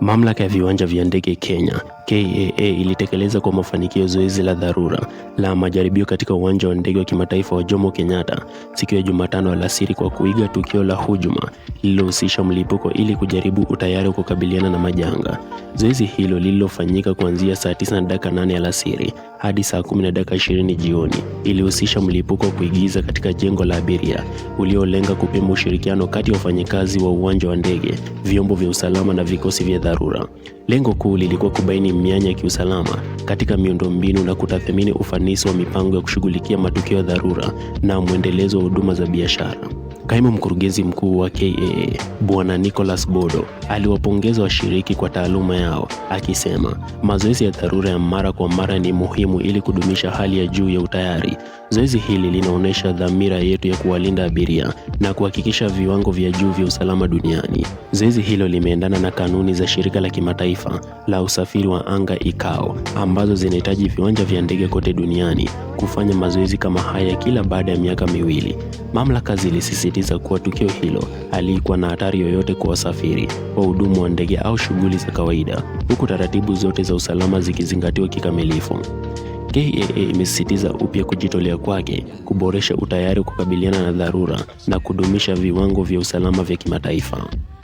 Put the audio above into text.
Mamlaka ya viwanja vya ndege Kenya KAA ilitekeleza kwa mafanikio zoezi la dharura la majaribio katika uwanja wa ndege wa kimataifa wa Jomo Kenyatta siku ya Jumatano alasiri kwa kuiga tukio la hujuma lililohusisha mlipuko ili kujaribu utayari wa kukabiliana na majanga. Zoezi hilo lililofanyika kuanzia saa 9 na dakika nane alasiri hadi saa kumi na dakika ishirini jioni ilihusisha mlipuko wa kuigiza katika jengo la abiria uliolenga kupima ushirikiano kati ya wafanyakazi wa uwanja wa ndege, vyombo vya usalama na vikosi vya dharura. Lengo kuu lilikuwa kubaini mianya ya kiusalama katika miundombinu na kutathmini ufanisi wa mipango ya kushughulikia matukio ya dharura na mwendelezo wa huduma za biashara. Kaimu mkurugenzi mkuu wa KAA Bwana Nicholas Bodo aliwapongeza washiriki kwa taaluma yao akisema mazoezi ya dharura ya mara kwa mara ni muhimu ili kudumisha hali ya juu ya utayari. Zoezi hili linaonyesha dhamira yetu ya kuwalinda abiria na kuhakikisha viwango vya juu vya usalama duniani. Zoezi hilo limeendana na kanuni za shirika la kimataifa la usafiri wa anga ICAO ambazo zinahitaji viwanja vya ndege kote duniani kufanya mazoezi kama haya kila baada ya miaka miwili. Mamlaka zilisisitiza kuwa tukio hilo halikuwa na hatari yoyote kwa wasafiri, wahudumu wa ndege au shughuli za kawaida, huku taratibu zote za usalama zikizingatiwa kikamilifu. KAA imesisitiza upya kujitolea kwake kuboresha utayari kukabiliana na dharura na kudumisha viwango vya usalama vya kimataifa.